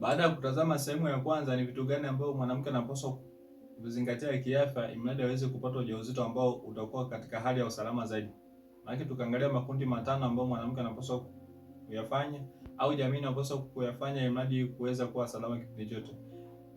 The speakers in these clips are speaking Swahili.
Baada ya kutazama sehemu ya kwanza, ni vitu gani ambavyo mwanamke anapaswa kuzingatia kiafya imradi aweze kupata ujauzito ambao utakuwa katika hali ya usalama zaidi. Maana tukaangalia makundi matano ambayo mwanamke anapaswa kuyafanya au jamii inapaswa kuyafanya imradi kuweza kuwa salama kipindi chote.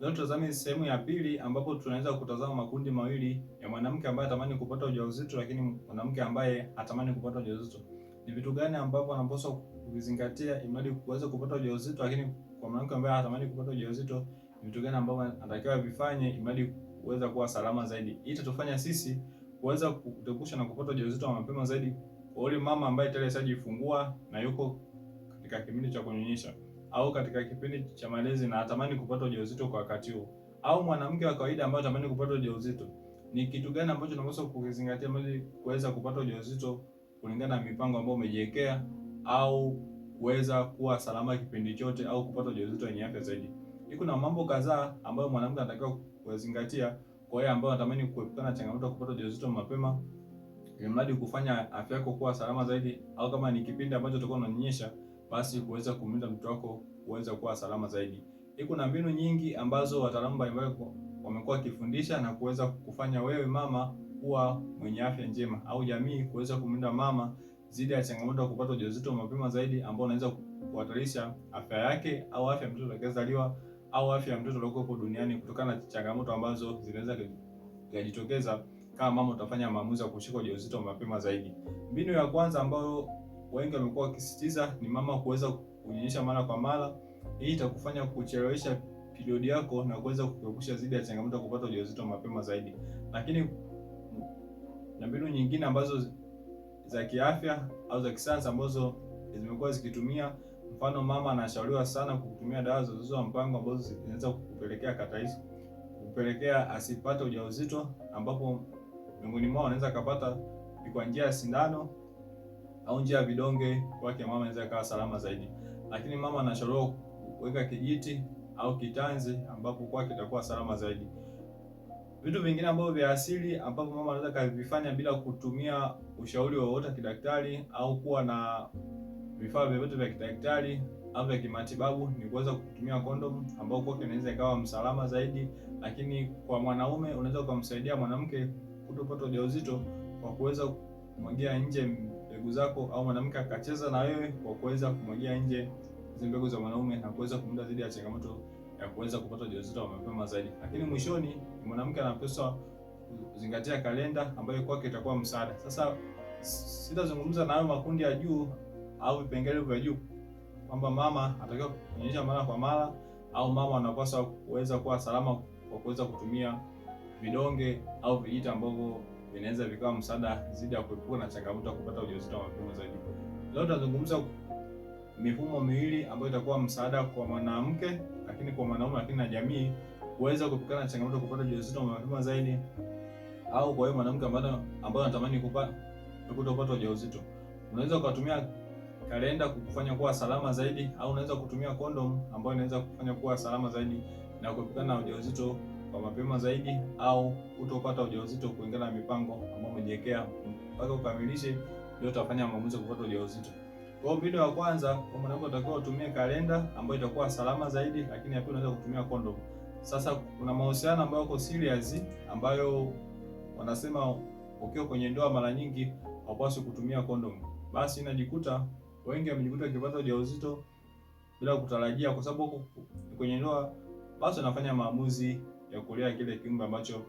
Leo tutazame sehemu ya pili ambapo tunaweza kutazama makundi mawili ya mwanamke ambaye atamani kupata ujauzito lakini mwanamke ambaye atamani kupata ujauzito. Ni vitu gani ambavyo anapaswa kuzingatia imradi kuweza kupata ujauzito lakini kwa mwanamke ambaye anatamani kupata ujauzito ni vitu gani ambavyo anatakiwa vifanye ili kuweza kuwa salama zaidi. Hii itatufanya sisi kuweza kutekusha na kupata ujauzito wa mapema zaidi kwa yule mama ambaye tayari ashajifungua na yuko katika kipindi cha kunyonyesha au katika kipindi cha malezi na atamani kupata ujauzito kwa wakati huo, au mwanamke wa kawaida ambaye atamani kupata ujauzito, ni kitu gani ambacho tunapaswa kukizingatia ili kuweza kupata ujauzito kulingana na mipango ambayo umejiwekea au kuweza kuwa salama kipindi chote au kupata ujauzito wenye afya zaidi. Kuna mambo kadhaa ambayo mwanamke anatakiwa kuzingatia kwa yeye ambaye anatamani kuepukana na changamoto ya kupata ujauzito mapema, ili mradi kufanya afya yako kuwa salama zaidi, au kama ni kipindi ambacho utakuwa unanyonyesha, basi kuweza kumlinda mtoto wako kuweza kuwa salama zaidi. Kuna mbinu nyingi ambazo wataalamu mbalimbali wamekuwa wakifundisha na kuweza kufanya wewe mama kuwa mwenye afya njema au jamii kuweza kumlinda mama dhidi ya changamoto ya kupata ujauzito mapema zaidi ambao unaweza kuhatarisha afya yake au afya ya mtoto atakayezaliwa au afya ya mtoto aliyokuwepo duniani kutokana na changamoto ambazo zinaweza kujitokeza kama mama utafanya maamuzi ya kushika ujauzito mapema zaidi. Mbinu ya kwanza ambayo wengi wamekuwa wakisisitiza ni mama kuweza kunyonyesha mara kwa mara. Hii itakufanya kuchelewesha periodi yako na kuweza kukuepusha dhidi ya changamoto ya kupata ujauzito mapema zaidi. Lakini na mbinu nyingine ambazo za kiafya au za kisayansi ambazo zimekuwa zikitumia. Mfano, mama anashauriwa sana kutumia dawa za uzazi wa mpango ambazo zinaweza kupelekea kataisi, kupelekea asipate ujauzito, ambapo miongoni mwao anaweza akapata kwa njia ya sindano au njia ya vidonge, kwake mama anaweza ikawa salama zaidi. Lakini mama anashauriwa kuweka kijiti au kitanzi, ambapo kwake itakuwa salama zaidi vitu vingine ambavyo vya asili ambavyo mama anaweza kavifanya bila kutumia ushauri wowote wa kidaktari au kuwa na vifaa vyovyote vya kidaktari au vya kimatibabu ni kuweza kutumia kondom, ambao kwake inaweza ikawa msalama zaidi, lakini kwa mwanaume unaweza ukamsaidia mwanamke kutopata ujauzito kwa kuweza kumwagia nje mbegu zako, au mwanamke akacheza na wewe kwa kuweza kumwagia nje mbegu za mwanaume na kuweza kumda dhidi ya changamoto ya kuweza kupata ujauzito wa mapema zaidi. Lakini mwishoni mwanamke anapaswa kuzingatia kalenda ambayo kwake itakuwa msaada. Sasa sitazungumza na hayo makundi ya juu au vipengele vya juu kwamba mama anatakiwa kunyonyesha mara kwa mara au mama anapaswa kuweza kuwa salama kwa kuweza kutumia vidonge au vijiti ambavyo vinaweza vikawa msaada zidi ya kuepuka na changamoto ya kupata ujauzito wa mapema zaidi. Leo tutazungumza mifumo miwili ambayo itakuwa msaada kwa mwanamke lakini kwa mwanaume, lakini na jamii kuweza kupikana na changamoto kupata ujauzito mapema zaidi, au kwa hiyo mwanamke ambaye ambaye anatamani kupata kupata ujauzito, unaweza ukatumia kalenda kukufanya kuwa salama zaidi, au unaweza kutumia kondom ambayo inaweza kufanya kuwa salama zaidi na kuepukana na ujauzito kwa mapema zaidi, au kutopata ujauzito kulingana na mipango ambayo umejiwekea mpaka ukamilishe, ndio utafanya maamuzi kupata ujauzito. Kwa hiyo video ya kwanza kwa mwanamke unatakiwa utumie kalenda ambayo itakuwa salama zaidi, lakini ya pili unaweza kutumia kondom. Sasa kuna mahusiano ambayo yako serious ambayo wanasema ukiwa kwenye ndoa mara nyingi haupaswi kutumia kondom. Basi inajikuta wengi wamejikuta wakipata ujauzito bila kutarajia, kwa sababu huko kwenye ndoa basi wanafanya maamuzi ya kulea kile kiumbe ambacho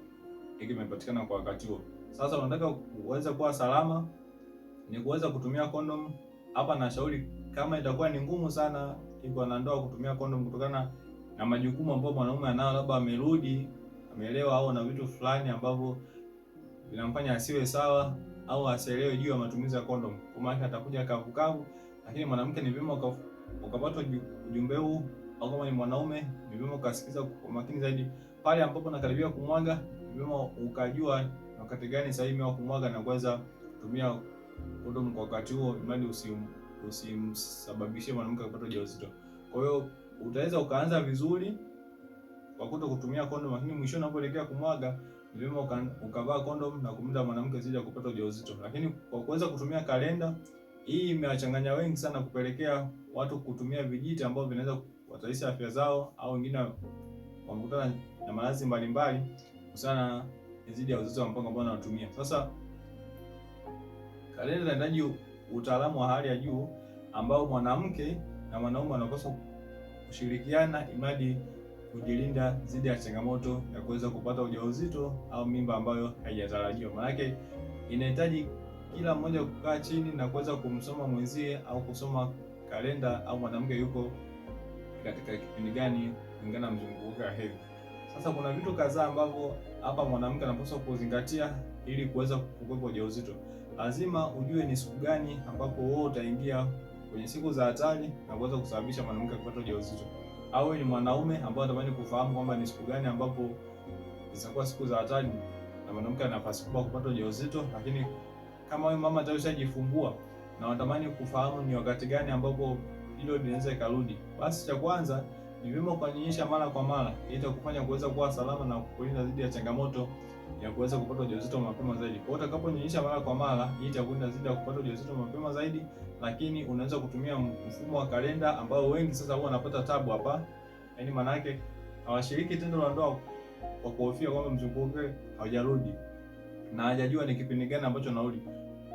kimepatikana kwa wakati huo. Sasa unataka uweze kuwa salama ni kuweza kutumia kondom hapa nashauri kama itakuwa ni ngumu sana iko na ndoa kutumia kondomu kutokana na majukumu ambayo mwanaume anayo, labda amerudi amelewa, au na vitu fulani ambavyo vinamfanya asiwe sawa au asielewe juu ya matumizi ya kondomu, kwa maana atakuja kavukavu. Lakini mwanamke ni vyema ukapata ujumbe huu, au kama ni mwanaume ni vyema ukasikiza kwa makini zaidi pale ambapo nakaribia kumwaga, ni vyema ukajua wakati gani sahihi wa kumwaga na kuweza kutumia kondomu kwa wakati huo, imani usim usimsababishie mwanamke kupata ujauzito. Kwa hiyo utaweza ukaanza vizuri kwa kuto kutumia kondomu, lakini mwisho unapoelekea kumwaga ni vyema uka, ukavaa kondomu na kumlinda mwanamke dhidi ya kupata ujauzito. Lakini kwa kuweza kutumia kalenda hii imewachanganya wengi sana, kupelekea watu kutumia vijiti ambao vinaweza kuhatarisha afya zao, au wengine wamekutana na maradhi mbalimbali kusana zidi ya uzito wa mpango ambao wanatumia sasa Talenti inahitaji utaalamu wa hali ya juu ambao mwanamke na mwanaume wanapaswa kushirikiana imadi kujilinda dhidi ya changamoto ya kuweza kupata ujauzito au mimba ambayo haijatarajiwa. Maanake inahitaji kila mmoja kukaa chini na kuweza kumsoma mwenzie au kusoma kalenda au mwanamke yuko katika kipindi gani kulingana na mzunguko wa hedhi. Sasa kuna vitu kadhaa ambavyo hapa mwanamke anapaswa kuzingatia ili kuweza kukwepa ujauzito lazima ujue ni siku gani ambapo wewe utaingia kwenye siku za hatari na kuweza kusababisha mwanamke kupata ujauzito, au ni mwanaume ambaye anatamani kufahamu kwamba ni siku gani ambapo zitakuwa siku za hatari na mwanamke anapaswa kubwa kupata ujauzito. Lakini kama wewe mama tayari ushajifungua na unatamani kufahamu ni wakati gani ambapo hilo linaweza ikarudi, basi cha kwanza ni vyema kunyonyesha mara kwa mara, ili itakufanya kuweza kuwa salama na kukulinda dhidi ya changamoto ya kuweza kupata ujauzito mapema zaidi. Kwa hiyo utakaponyonyesha mara kwa mara, hii itakuwa inazidi kupata ujauzito mapema zaidi, lakini unaweza kutumia mfumo wa kalenda ambao wengi sasa huwa wanapata tabu hapa. Yaani maana yake hawashiriki tendo la ndoa kwa kuhofia kwamba mchumba wake haujarudi na hajajua ni kipindi gani ambacho anarudi.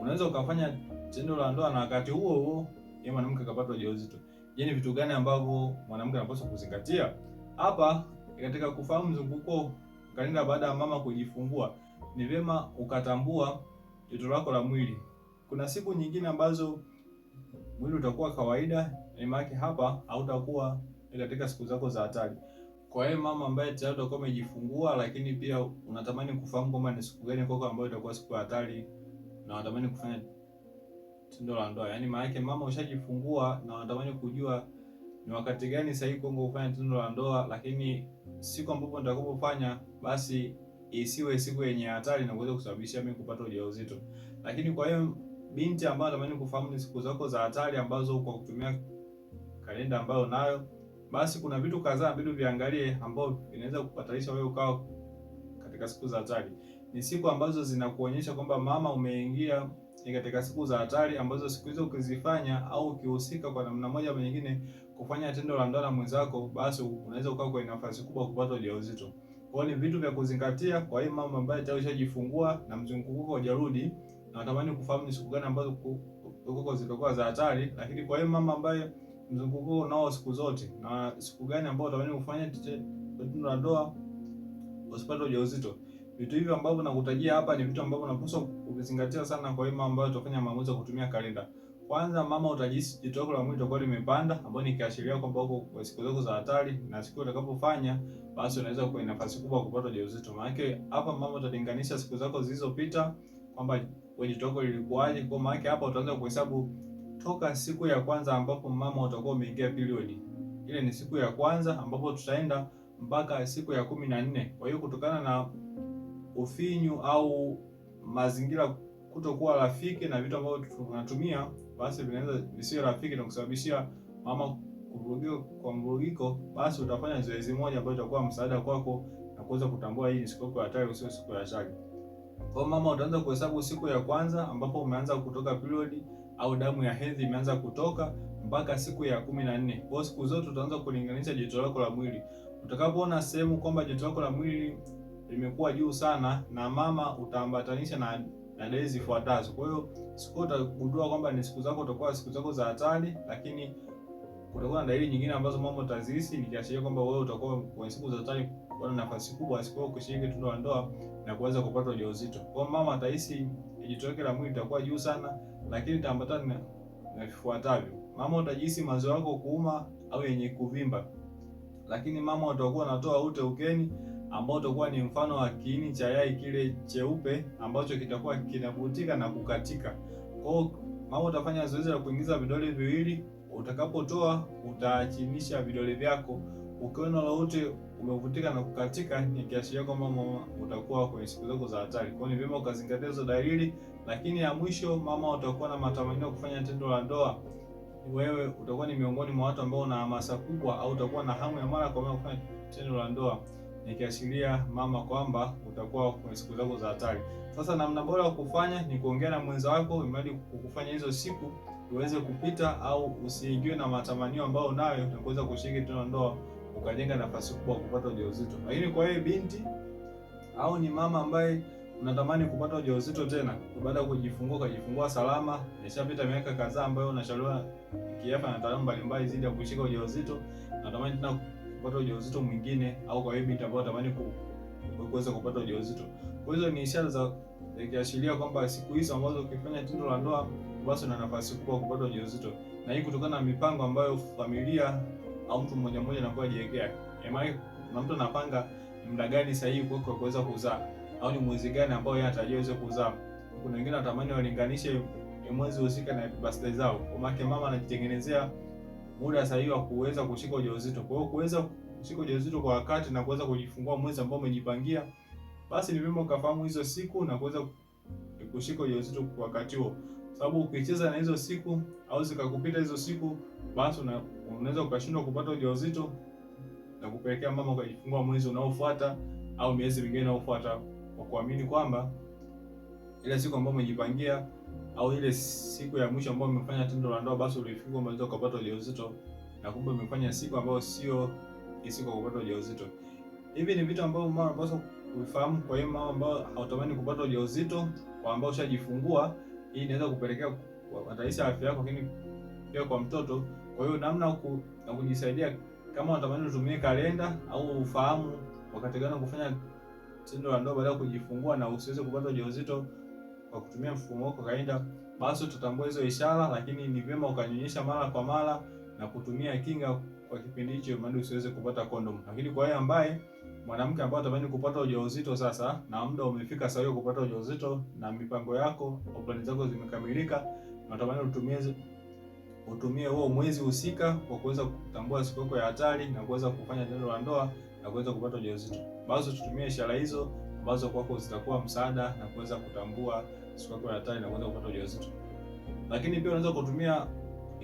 Unaweza ukafanya tendo la ndoa na wakati huo huo yeye mwanamke akapata ujauzito. Je, ni yaani vitu gani ambavyo mwanamke anapaswa kuzingatia hapa katika kufahamu mzunguko Kalenda baada ya mama kujifungua, ni vyema ukatambua joto lako la mwili. Kuna siku nyingine ambazo mwili utakuwa kawaida, maanake hapa hautakuwa katika siku zako za hatari. Kwa hiyo mama ambaye tayari utakuwa umejifungua, lakini pia unatamani kufahamu kwamba ni siku gani kwako ambayo itakuwa siku ya hatari na unatamani kufanya tendo la ndoa, yaani maana mama ushajifungua na unatamani kujua ni wakati gani sahihi kwangu kufanya tendo la ndoa, lakini siku ambapo nitakapofanya basi isiwe siku yenye hatari na kuweza kusababisha mimi kupata ujauzito. Lakini kwa hiyo binti ambayo natamani kufahamu ni siku zako za hatari ambazo kwa kutumia kalenda ambayo nayo, basi kuna vitu kadhaa inabidi viangalie ambao vinaweza kupatanisha wewe ukao katika siku za hatari. Ni siku ambazo zinakuonyesha kwamba mama, umeingia ni katika siku za hatari ambazo siku hizo ukizifanya au ukihusika kwa namna moja au nyingine kufanya tendo la ndoa na mwenzako, basi unaweza ukawa kwenye nafasi kubwa kupata ujauzito. Kwa hiyo ni vitu vya kuzingatia kwa hii mama ambaye tayari ushajifungua na mzunguko hujarudi, na natamani kufahamu ni siku gani ambazo huko zitakuwa za hatari, lakini kwa hiyo mama ambaye mzunguko unao siku zote, na siku gani ambayo utamani kufanya tendo la ndoa usipate ujauzito. Vitu hivyo ambavyo nakutajia hapa ni vitu ambavyo unapaswa ukizingatia sana kwa wema ambayo utafanya maamuzi ya kutumia kalenda. Kwanza mama, utajisi joto lako la mwili litakuwa limepanda, ambapo ni kiashiria kwamba uko kwa siku zako za hatari, na siku utakapofanya basi unaweza kuwa nafasi kubwa kupata ujauzito. Maana hapa mama, utalinganisha siku zako zilizopita kwamba wewe joto lako lilikuwaje. Kwa maana hapa utaanza kuhesabu toka siku ya kwanza ambapo mama utakuwa umeingia period. Ile ni siku ya kwanza ambapo tutaenda mpaka siku ya kumi na nne. Kwa hiyo kutokana na ufinyu au mazingira kutokuwa rafiki na vitu ambavyo tunatumia basi vinaweza visiwe rafiki na kusababishia mama kuvurugika kwa mvurugiko, basi utafanya zoezi moja ambalo litakuwa msaada kwako na kuweza kutambua hii ni siku ya hatari, sio siku ya shari. Kwa mama, utaanza kuhesabu siku ya kwanza ambapo umeanza kutoka period au damu ya hedhi imeanza kutoka mpaka siku ya kumi na nne. Kwa siku zote utaanza kulinganisha joto lako la mwili. Utakapoona sehemu kwamba joto lako la mwili limekuwa juu sana, na mama utaambatanisha na na dalili zifuatazo. Kwa hiyo siku utagundua kwamba ni siku zako, utakuwa siku zako za hatari, lakini kutakuwa na dalili nyingine ambazo mama utazihisi, nikiashiria kwamba wewe utakuwa kwenye siku za hatari kwa na nafasi kubwa siku kushiriki tendo la ndoa na kuweza kupata ujauzito. Kwa hiyo mama atahisi joto lake la mwili litakuwa juu sana, lakini itaambatana na, na vifuatavyo. Mama utajihisi maziwa yako kuuma au yenye kuvimba, lakini mama utakuwa unatoa ute ukeni ambao utakuwa ni mfano wa kiini cha yai kile cheupe ambacho kitakuwa kinavutika na kukatika. Kwa hiyo mama utafanya zoezi la kuingiza vidole viwili, utakapotoa utaachinisha vidole vyako. Ukiona lolote umevutika na kukatika, ni kiashiria kwamba mama utakuwa kwenye siku zako za hatari. Kwa hiyo ni vyema ukazingatia hizo dalili. Lakini ya mwisho, mama utakuwa na matamanio kufanya tendo la ndoa wewe utakuwa ni miongoni mwa watu ambao una hamasa kubwa au utakuwa na hamu ya mara kwa mara kufanya tendo la ndoa nikiashiria mama kwamba utakuwa kwenye siku zako za hatari. Sasa namna bora ya kufanya ni kuongea na mwenza wako, imradi kukufanya hizo siku uweze kupita, au usiingiwe na matamanio ambayo nayo utaweza kushiriki tena ndoa ukajenga nafasi kubwa kupata ujauzito. Lakini kwa hiyo binti au ni mama ambaye unatamani kupata ujauzito tena baada ya kujifungua, kujifungua salama, imeshapita miaka kadhaa ambayo unashauriwa kiafya na taalamu mbalimbali zidi ya kushika ujauzito, natamani tena kupata ujauzito mwingine au kwa baby itakuwa tamani ku kuweza kupata ujauzito. Kwa hizo ni ishara za ikiashiria eh, kwamba siku hizo ambazo ukifanya tendo la ndoa basi una nafasi kubwa kupata ujauzito. Na hii kutokana na mipango ambayo familia au mtu mmoja mmoja anakuwa jiwekea. Imani na mtu anapanga muda gani sahihi kwa kuweza kuzaa au ni mwezi gani ambao yeye atajiweza kuzaa. Kuna wengine wanatamani walinganishe mwezi husika na birthday zao. Kwa maana mama anajitengenezea muda sahihi wa kuweza kushika ujauzito. Kwa hiyo kuweza kushika ujauzito kwa wakati na kuweza kujifungua mwezi ambao umejipangia, basi ni vyema ukafahamu hizo siku na kuweza kushika ujauzito kwa wakati huo, sababu ukicheza na hizo siku au zikakupita hizo siku, basi unaweza ukashindwa kupata ujauzito na kupelekea mama ukajifungua mwezi unaofuata au miezi mingine inayofuata, kwa kuamini kwamba ile siku ambayo umejipangia au ile siku ya mwisho ambayo umefanya tendo la ndoa, basi ulifikwa umeweza kupata ujauzito na kumbe umefanya siku ambayo sio siku ya kupata ujauzito. Hivi ni vitu ambavyo mama anapaswa kufahamu. Kwa hiyo mama ambao hautamani kupata ujauzito, kwa ambao ushajifungua, hii inaweza kupelekea hatarisha afya yako, lakini pia kwa mtoto. Kwa hiyo namna ku, na kujisaidia kama unatamani utumie kalenda au ufahamu wakati gani kufanya tendo la ndoa baada ya kujifungua na usiweze kupata ujauzito kwa kutumia mfumo wako kawaida, basi utatambua hizo ishara, lakini ni vyema ukanyonyesha mara kwa mara na kutumia kinga kwa kipindi hicho, maana usiweze kupata kondomu. Lakini kwa yeye ambaye mwanamke ambaye atamani kupata ujauzito sasa, na muda umefika sawa kupata ujauzito, na mipango yako au plani zako zimekamilika, natamani utumie utumie huo mwezi husika kwa kuweza kutambua siku yako ya hatari na kuweza kufanya tendo la ndoa na kuweza kupata ujauzito, basi tutumie ishara hizo ambazo kwako zitakuwa msaada na kuweza kutambua siku yako ya hatari na kuanza kupata ujauzito. Lakini pia unaweza kutumia,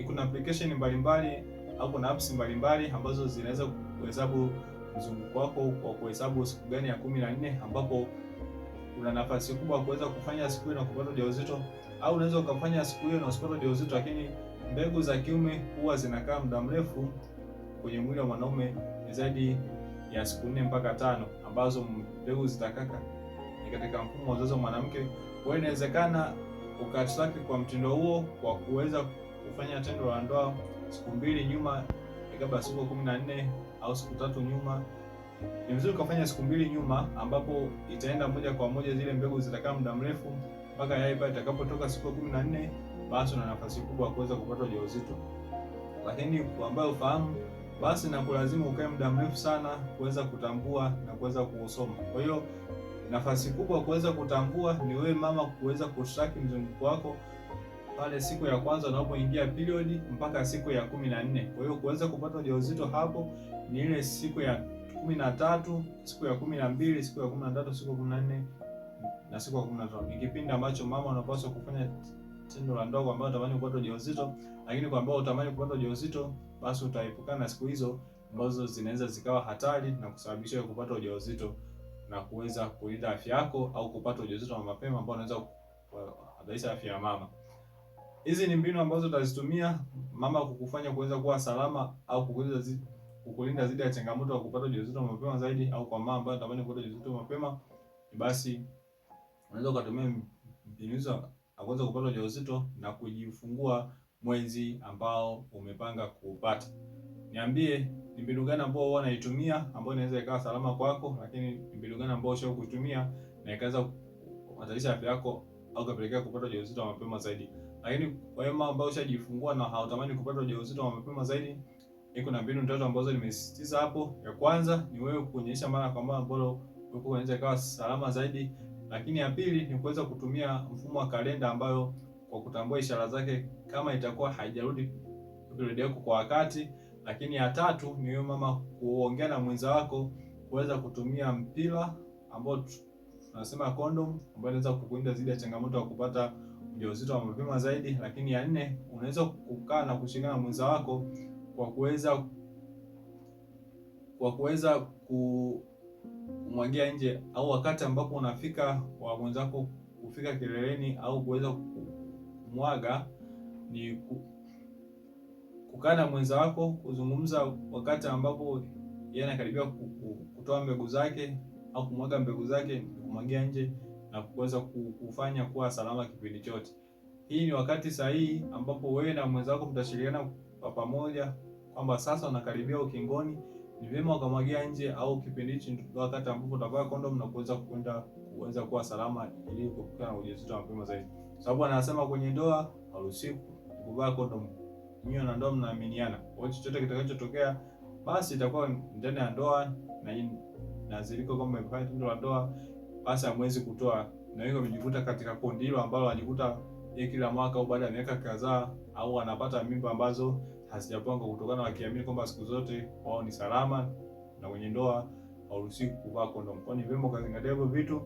kuna application mbalimbali au kuna apps mbalimbali ambazo zinaweza kuhesabu mzunguko wako kwa kuhesabu siku gani ya kumi na nne ambapo una nafasi kubwa kuweza kufanya siku hiyo na kupata ujauzito, au unaweza ukafanya siku hiyo na usipate ujauzito. Lakini mbegu za kiume huwa zinakaa muda mrefu kwenye mwili wa mwanaume zaidi ya siku nne mpaka tano ambazo mbegu zitakaka katika mfumo wa uzazi wa mwanamke. Kwa hiyo inawezekana ukastaki kwa mtindo huo kwa kuweza kufanya tendo la ndoa siku mbili nyuma kabla siku kumi na nne au siku tatu nyuma. Ni vizuri ukafanya siku mbili nyuma, ambapo itaenda moja kwa moja, zile mbegu zitakaa muda mrefu mpaka yai pale itakapotoka siku kumi na nne, basi una nafasi kubwa kuweza kupata ujauzito. Lakini kwa ambayo ufahamu basi na kulazimu ukae muda mrefu sana kuweza kutambua na kuweza kusoma. Kwa hiyo nafasi kubwa kuweza kutambua ni wewe mama kuweza kustraki mzunguko wako pale siku ya kwanza unapoingia period mpaka siku ya kumi na nne. Kwa hiyo kuweza kupata ujauzito hapo ni ile siku ya kumi na tatu, siku ya kumi na mbili, siku ya kumi na tatu, siku ya kumi na nne na siku ya kumi na tano. Ni kipindi ambacho mama unapaswa kufanya tendo la ndoa ambayo unatamani kupata ujauzito, lakini kwa ambao utamani kupata ujauzito, basi utaepukana na siku hizo ambazo zinaweza zikawa hatari na kusababisha kupata ujauzito na kuweza kulinda afya yako au kupata ujauzito wa mapema ambao unaweza kuhatarisha afya ya mama. Hizi ni mbinu ambazo utazitumia mama kukufanya kuweza kuwa salama au kukuza kukulinda dhidi ya changamoto ya kupata ujauzito mapema zaidi, au kwa mama ambaye anatamani kupata ujauzito mapema, basi unaweza ukatumia mbinu hizo akuweza kupata ujauzito na kujifungua mwezi ambao umepanga kuupata. Niambie ni mbinu gani ambayo huwa naitumia ambayo inaweza ikawa salama kwako, lakini ni mbinu gani ambayo ushawahi kutumia na ikaweza kuhatarisha afya yako au kupelekea kupata ujauzito mapema zaidi. Lakini kwa hiyo ambao ushajifungua na hautamani kupata ujauzito mapema zaidi, iko na mbinu tatu ambazo nimesisitiza hapo. Ya kwanza ni wewe kunyonyesha mara kwa mara, ambapo uko unaweza ikawa salama zaidi, lakini ya pili ni kuweza kutumia mfumo wa kalenda ambayo kwa kutambua ishara zake kama itakuwa haijarudi period yako kwa wakati lakini ya tatu ni wewe mama kuongea na mwenza wako kuweza kutumia mpira ambao tunasema condom, ambayo inaweza kukuinda dhidi ya changamoto ya kupata ujauzito wa mapema zaidi. Lakini ya nne, unaweza kukaa na kushikana na mwenza wako kwa kuweza kwa kuweza kumwagia nje au wakati ambapo unafika wa mwenzako kufika kileleni au kuweza kumwaga ni ku, kukaa na mwenza wako, kuzungumza wakati ambapo yeye anakaribia kutoa mbegu zake au kumwaga mbegu zake, kumwagia nje na kuweza kufanya kuwa salama kipindi chote. Hii ni wakati sahihi ambapo wewe na mwenza wako mtashirikiana kwa pamoja kwamba sasa unakaribia ukingoni, ni vyema ukamwagia nje au kipindi hichi ndio wakati ambapo utavaa kondomu na kuweza kwenda kuweza kuwa salama ili kuepukana na ujauzito mapema zaidi, sababu anasema kwenye ndoa haruhusiwi kuvaa kondomu nyinyi na ndoa mnaaminiana, kwa hiyo chochote kitakachotokea basi itakuwa ndani ya ndoa na yini naziliko kwamba mmefanya tendo la ndoa, basi hamwezi kutoa, na hiyo amejikuta katika kundi hilo ambalo anajikuta yeye kila mwaka au baada ya miaka kadhaa au anapata mimba ambazo hazijapangwa, kutokana wakiamini kwamba siku zote wao ni salama na kwenye ndoa hauruhusiwi kuvaa kondom. kondomu. Kwani vyema ukazingatia hivyo vitu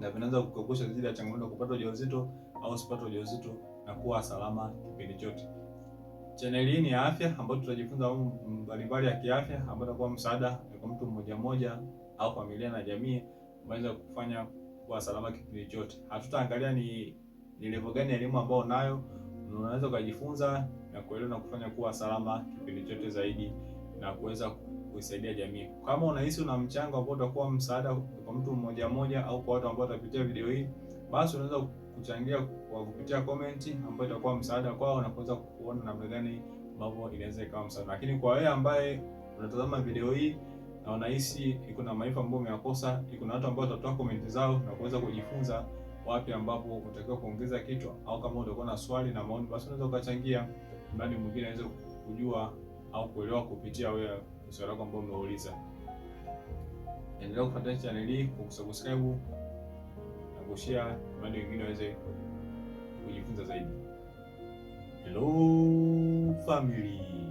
na vinaanza kukogosha zile ya changamoto kupata ujauzito au usipata ujauzito na kuwa salama kipindi chote chaneli hii ni ya afya ambayo tutajifunza mambo mbalimbali ya kiafya ambayo itakuwa msaada kwa mtu mmoja mmoja au familia na jamii unaweza kufanya kuwa salama kipindi chote. Hatutaangalia ni ni level gani elimu ambayo unayo, unaweza kujifunza na kuelewa na kufanya kuwa salama kipindi chote zaidi na kuweza kuisaidia jamii. Kama unahisi una mchango ambao utakuwa msaada kwa mtu mmoja mmoja au kwa watu ambao watapitia video hii, basi unaweza kuchangia kwa kupitia comment ambayo itakuwa msaada kwao na kuweza kuona namna gani mambo inaweza ikawa msaada. Lakini kwa wewe ambaye unatazama video hii na unahisi iko na maarifa ambayo umeyakosa, iko na watu ambao watatoa comment zao na kuweza kujifunza wapi ambapo utakiwa kuongeza kichwa, au kama utakuwa na swali na maoni, basi unaweza ukachangia mradi mwingine aweze kujua au kuelewa kupitia wewe swali lako ambalo umeuliza. Endelea kufuatilia chaneli hii kwa kusubscribe kushare mali wengine waweze kujifunza zaidi. Hello family.